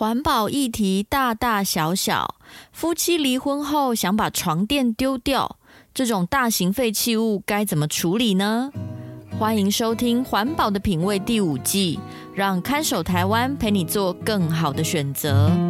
環保議題大大小小，夫妻離婚後想把床墊丟掉，這種大型廢棄物該怎麼處理呢？歡迎收聽《環保的品味》第五季，讓看守台灣陪你做更好的選擇。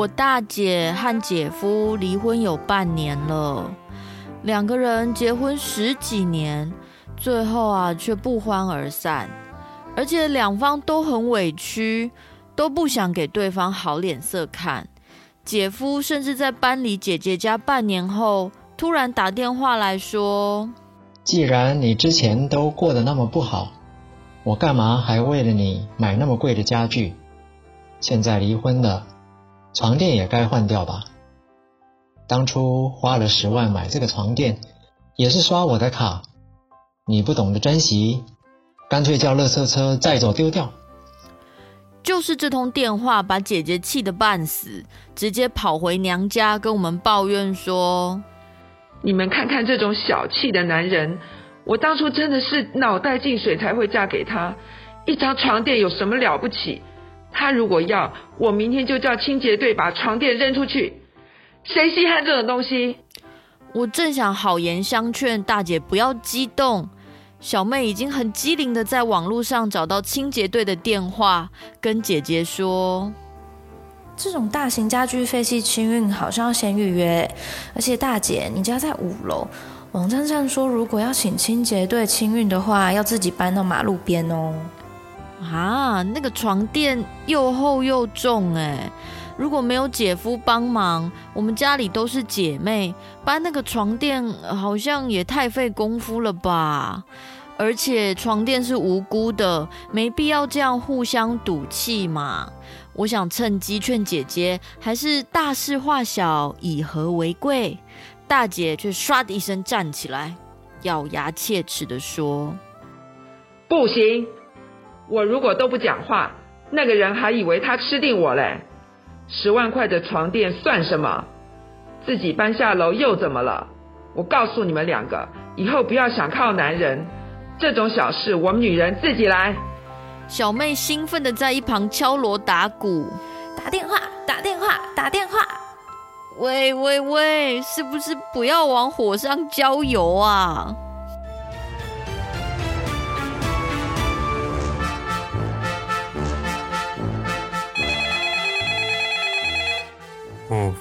我大姐和姐夫離婚有半年了，兩個人結婚十幾年，最後啊卻不歡而散，而且兩方都很委屈，都不想給對方好臉色看。姐夫甚至在搬離姐姐家半年後，突然打電話來說：“既然你之前都過得那麼不好，我幹嘛還為了你買那麼貴的傢具？現在離婚了。”床墊也該換掉吧？當初花了十萬買這個床墊，也是刷我的卡。你不懂得珍惜，乾脆叫垃圾車載走丟掉。就是這通電話把姐姐氣得半死，直接跑回娘家跟我們抱怨說：“你們看看這種小氣的男人，我當初真的是腦袋進水才會嫁給他。一張床墊有什麼了不起？”他如果要，我明天就叫清潔隊把床墊扔出去，誰稀罕這種東西？我正想好言相勸，大姐不要激動。小妹已經很機靈的在網路上找到清潔隊的電話，跟姐姐說，這種大型家具廢棄清運好像要先預約，而且大姐你家在五樓，網站上說如果要請清潔隊清運的話，要自己搬到馬路邊哦。啊，那個床墊又厚又重哎，如果沒有姐夫幫忙，我們家裡都是姐妹，搬那個床墊好像也太費功夫了吧？而且床墊是無辜的，沒必要這樣互相賭氣嘛。我想趁機勸姐姐，還是大事化小，以和為貴。大姐卻唰的一聲站起來，咬牙切齒地說：“不行！”我如果都不講話，那個人還以為他吃定我嘞！十萬塊的床墊算什麼？自己搬下樓又怎麼了？我告訴你們兩個，以後不要想靠男人，這種小事我們女人自己來。小妹興奮的在一旁敲鑼打鼓，打電話，打電話，打電話！喂喂喂，是不是不要往火上澆油啊？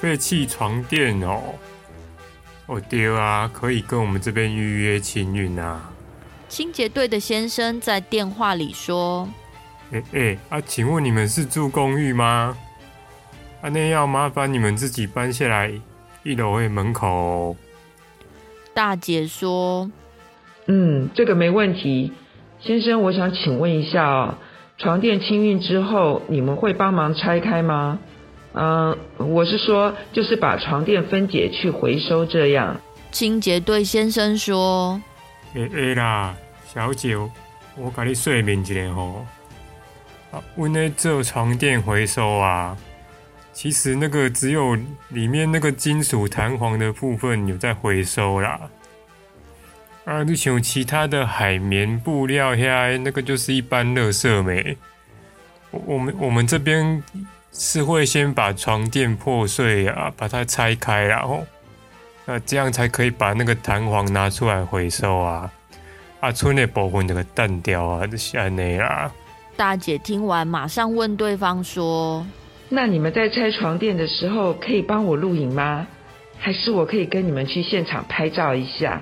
廢棄床墊哦，哦，丟啊，可以跟我們這邊預約清運啊。清潔隊的先生在電話裡說：“哎哎、欸欸，啊，請問你們是住公寓嗎？啊，那要麻煩你們自己搬下來一樓的門口、哦。”大姐說：“嗯，這個沒問題，先生，我想請問一下、哦，床墊清運之後，你們會幫忙拆開嗎？”嗯，我是說，就是把床墊分解去回收這樣。清潔隊先生說：“哎哎、欸欸、啦，小姐，我給你說明一下吼、喔。啊，我呢做床墊回收啊，其實那個只有裡面那個金屬彈簧的部分有在回收啦。啊，你像其他的海綿、布料下來，那個就是一般垃圾沒。我我們我們這邊。”是會先把床墊破碎啊，把它拆開、啊，然後那這樣才可以把那個彈簧拿出來回收啊。啊，春的部分那個彈掉啊，就是內、啊、大姐聽完，馬上問對方說：“那你們在拆床墊的時候，可以幫我錄影嗎？還是我可以跟你們去現場拍照一下？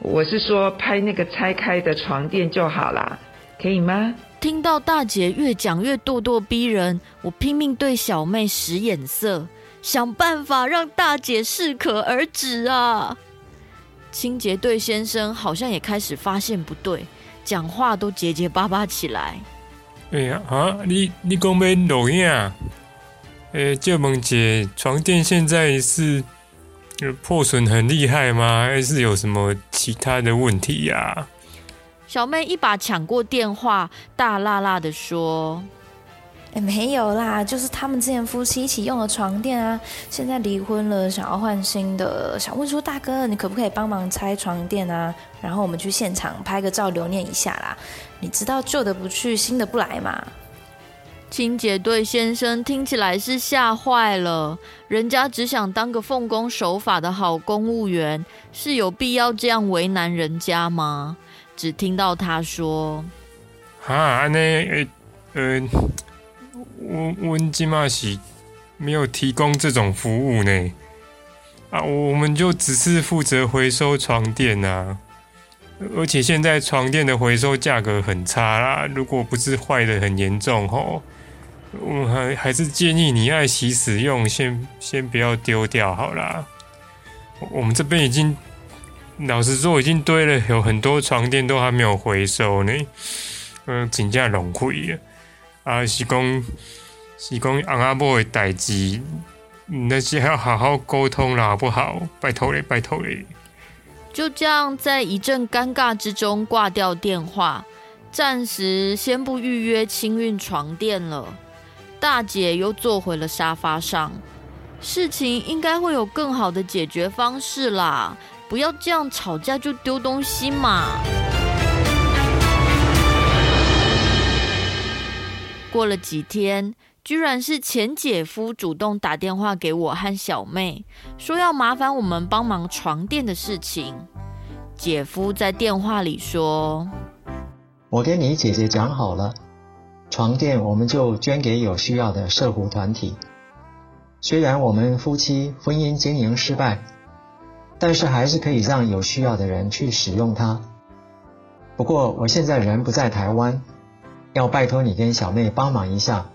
我是說拍那個拆開的床墊就好了，可以嗎？”聽到大姐越講越咄咄逼人，我拼命對小妹使眼色，想辦法讓大姐適可而止啊！清潔隊先生好像也開始發現不對，講話都結結巴巴起來。哎呀，啊，你你講沒錄音啊？哎，就問姐，床墊現在是破損很厲害嗎？還是有什麼其他的問題呀、啊？小妹一把搶過電話，大辣辣的說：“誒，沒有啦，就是他們之前夫妻一起用的床墊啊，現在離婚了，想要換新的，想問說大哥，你可不可以幫忙拆床墊啊？然後我們去現場拍個照留念一下啦。你知道舊的不去，新的不來嗎？清潔隊先生聽起來是嚇壞了，人家只想當個奉公守法的好公務員，是有必要這樣為難人家嗎？只聽到他說：“啊，那、欸、呃，我我們今嘛是沒有提供這種服務呢。啊，我們就只是負責回收床墊吶、啊。而且現在床墊的回收價格很差啦。如果不是壞的很嚴重吼，我還還是建議你愛惜使用，先先不要丟掉好啦，我們這邊已經。”老實說，我已經堆了，有很多床墊都還沒有回收呢。嗯，呃，請假攏虧了。阿西工，西工阿阿波的代志，那些要好好溝通啦，好不好？拜托了，拜托了。就這樣，在一陣尷尬之中掛掉電話，暫時先不預約清運床墊了。大姐又坐回了沙發上，事情應該會有更好的解決方式啦。不要這樣吵架就丟東西嘛！過了幾天，居然是前姐夫主動打電話給我和小妹，說要麻煩我們幫忙床墊的事情。姐夫在電話裡說：“我跟你姐姐講好了，床墊我們就捐給有需要的社福團體。雖然我們夫妻婚姻經營失敗。”但是還是可以讓有需要的人去使用它。不過我現在人不在台灣，要拜托你跟小妹幫忙一下，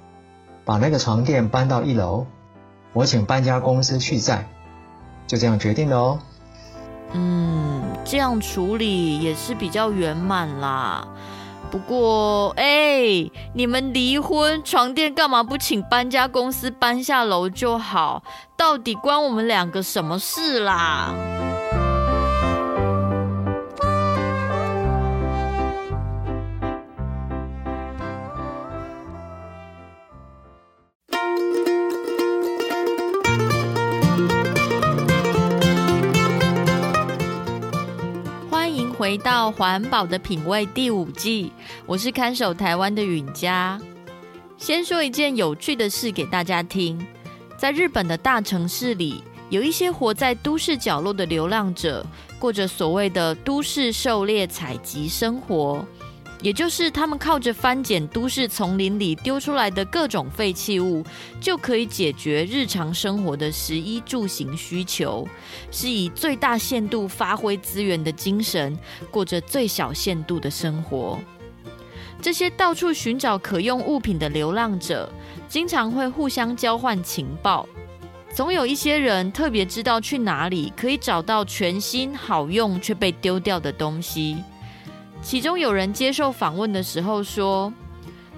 把那個床墊搬到一樓。我請搬家公司去載，就這樣決定了哦。嗯，這樣處理也是比較圓滿啦。不過，哎、欸，你們離婚，床墊幹嘛不請搬家公司搬下樓就好？到底關我們兩個什麼事啦？到環保的品味第五季，我是看守台灣的允嘉。先說一件有趣的事給大家聽。在日本的大城市裡，有一些活在都市角落的流浪者，過着所謂的都市狩獵採集生活。也就是他們靠着翻撿都市叢林裡丟出來的各種廢棄物，就可以解決日常生活的食衣住行需求，是以最大限度發揮資源的精神，過着最小限度的生活。這些到處尋找可用物品的流浪者，經常會互相交換情報，總有一些人特別知道去哪裡可以找到全新好用卻被丟掉的東西。其中有人接受訪問的時候說，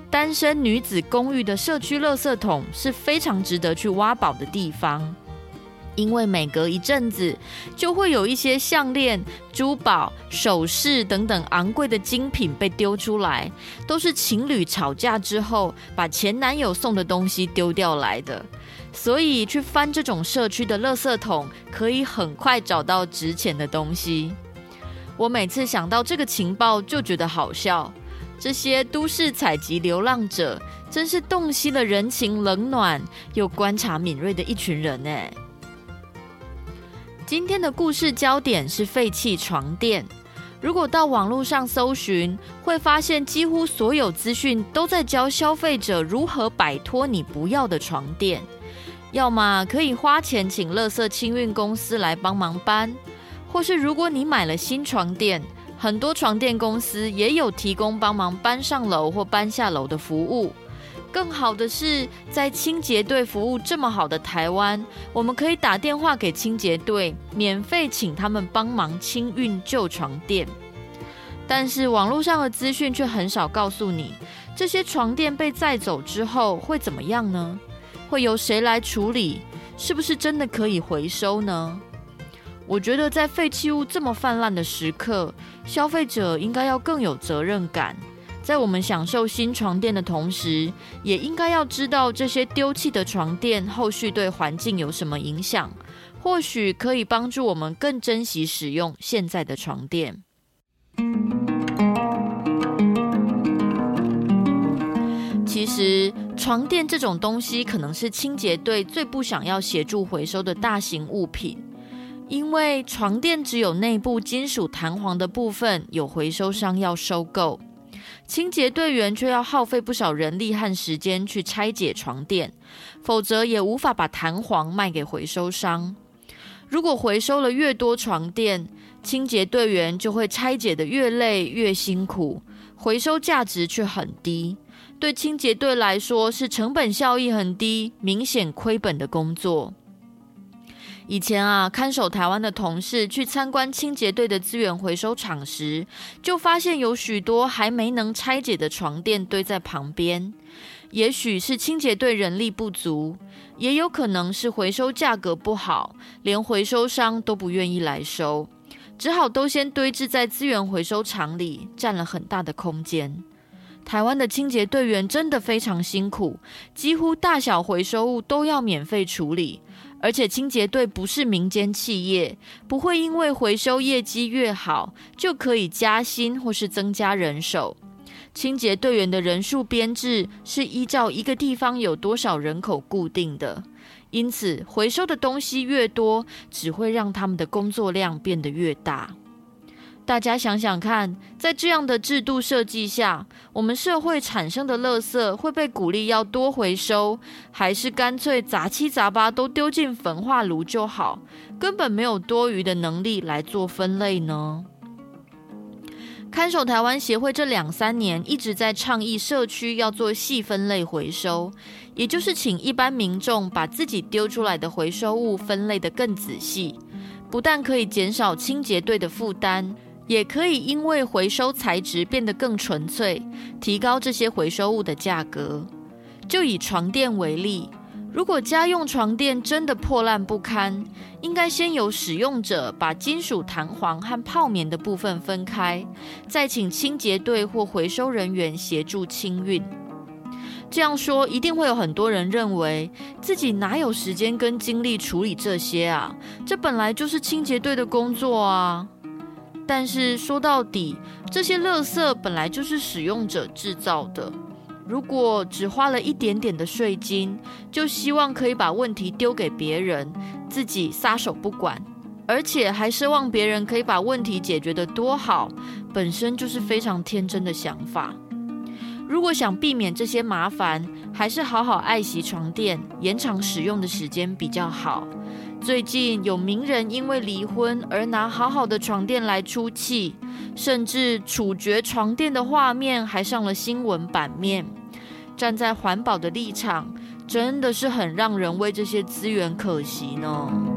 單身女子公寓的社區垃圾桶是非常值得去挖寶的地方，因為每隔一陣子就會有一些項鏈、珠寶、首飾等等昂貴的精品被丟出來，都是情侶吵架之後把前男友送的東西丟掉來的，所以去翻這種社區的垃圾桶可以很快找到值錢的東西。我每次想到這個情報就覺得好笑，這些都市採集流浪者真是洞悉了人情冷暖、又觀察敏銳的一群人耶。今天的故事焦點是廢棄床墊，如果到網絡上搜尋，會發現幾乎所有資訊都在教消費者如何擺脫你不要的床墊，要麼可以花錢請垃圾清運公司來幫忙搬。或是如果你買了新床墊，很多床墊公司也有提供幫忙搬上樓或搬下樓的服務。更好的是，在清潔隊服務這麼好的台灣，我們可以打電話給清潔隊，免費請他們幫忙清運舊床墊。但是網絡上的資訊卻很少告訴你，這些床墊被載走之後會怎麼樣呢？會由誰來處理？是不是真的可以回收呢？我覺得，在廢棄物這麼泛濫的時刻，消費者應該要更有責任感。在我們享受新床墊的同時，也應該要知道這些丟棄的床墊後續對環境有什麼影響。或許可以幫助我們更珍惜使用現在的床墊。其實，床墊這種東西可能是清潔隊最不想要協助回收的大型物品。因為床墊只有內部金屬彈簧的部分有回收商要收購，清潔隊員卻要耗費不少人力和時間去拆解床墊，否則也無法把彈簧賣給回收商。如果回收了越多床墊，清潔隊員就會拆解得越累越辛苦，回收價值卻很低，對清潔隊來說是成本效益很低、明顯虧本的工作。以前啊，看守台灣的同事去參觀清潔隊的資源回收場時，就發現有許多還沒能拆解的床墊堆在旁邊。也許是清潔隊人力不足，也有可能是回收價格不好，連回收商都不願意來收，只好都先堆置在資源回收場裡，占了很大的空間。台灣的清潔隊員真的非常辛苦，幾乎大小回收物都要免費處理。而且清潔隊不是民間企業，不會因為回收業績越好就可以加薪或是增加人手。清潔隊員的人數編制是依照一個地方有多少人口固定的，因此回收的東西越多，只會讓他們的工作量變得越大。大家想想看，在這樣的制度設計下，我們社會產生的垃圾會被鼓勵要多回收，還是乾脆雜七雜八都丟進焚化爐就好？根本沒有多餘的能力來做分類呢。看守台灣協會這兩三年一直在倡議社區要做細分類回收，也就是請一般民眾把自己丟出來的回收物分類得更仔細，不但可以減少清潔隊的負擔。也可以因為回收材質變得更純粹，提高這些回收物的價格。就以床墊為例，如果家用床墊真的破爛不堪，應該先由使用者把金屬彈簧和泡棉的部分分開，再請清潔隊或回收人員協助清運。這樣說，一定會有很多人認為自己哪有時間跟精力處理這些啊？這本來就是清潔隊的工作啊。但是說到底，這些垃圾本來就是使用者製造的。如果只花了一點點的稅金，就希望可以把問題丟給別人，自己撒手不管，而且還奢望別人可以把問題解決得多好，本身就是非常天真的想法。如果想避免這些麻煩，還是好好愛惜床墊，延長使用的時間比較好。最近有名人因為離婚而拿好好的床墊來出氣，甚至處決床墊的畫面還上了新聞版面。站在環保的立場，真的是很讓人為這些資源可惜呢。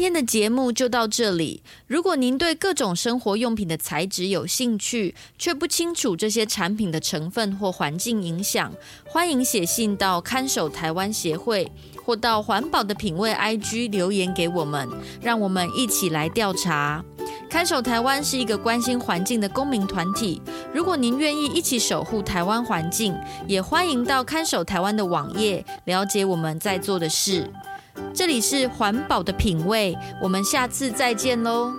今天的節目就到這裡。如果您對各種生活用品的材質有興趣，卻不清楚這些產品的成分或環境影響，歡迎寫信到看守台灣協會，或到環保的品味 IG 留言給我們，讓我們一起來調查。看守台灣是一個關心環境的公民團體。如果您願意一起守護台灣環境，也歡迎到看守台灣的網頁了解我們在做的事。這裡是環保的品味，我們下次再見嘍。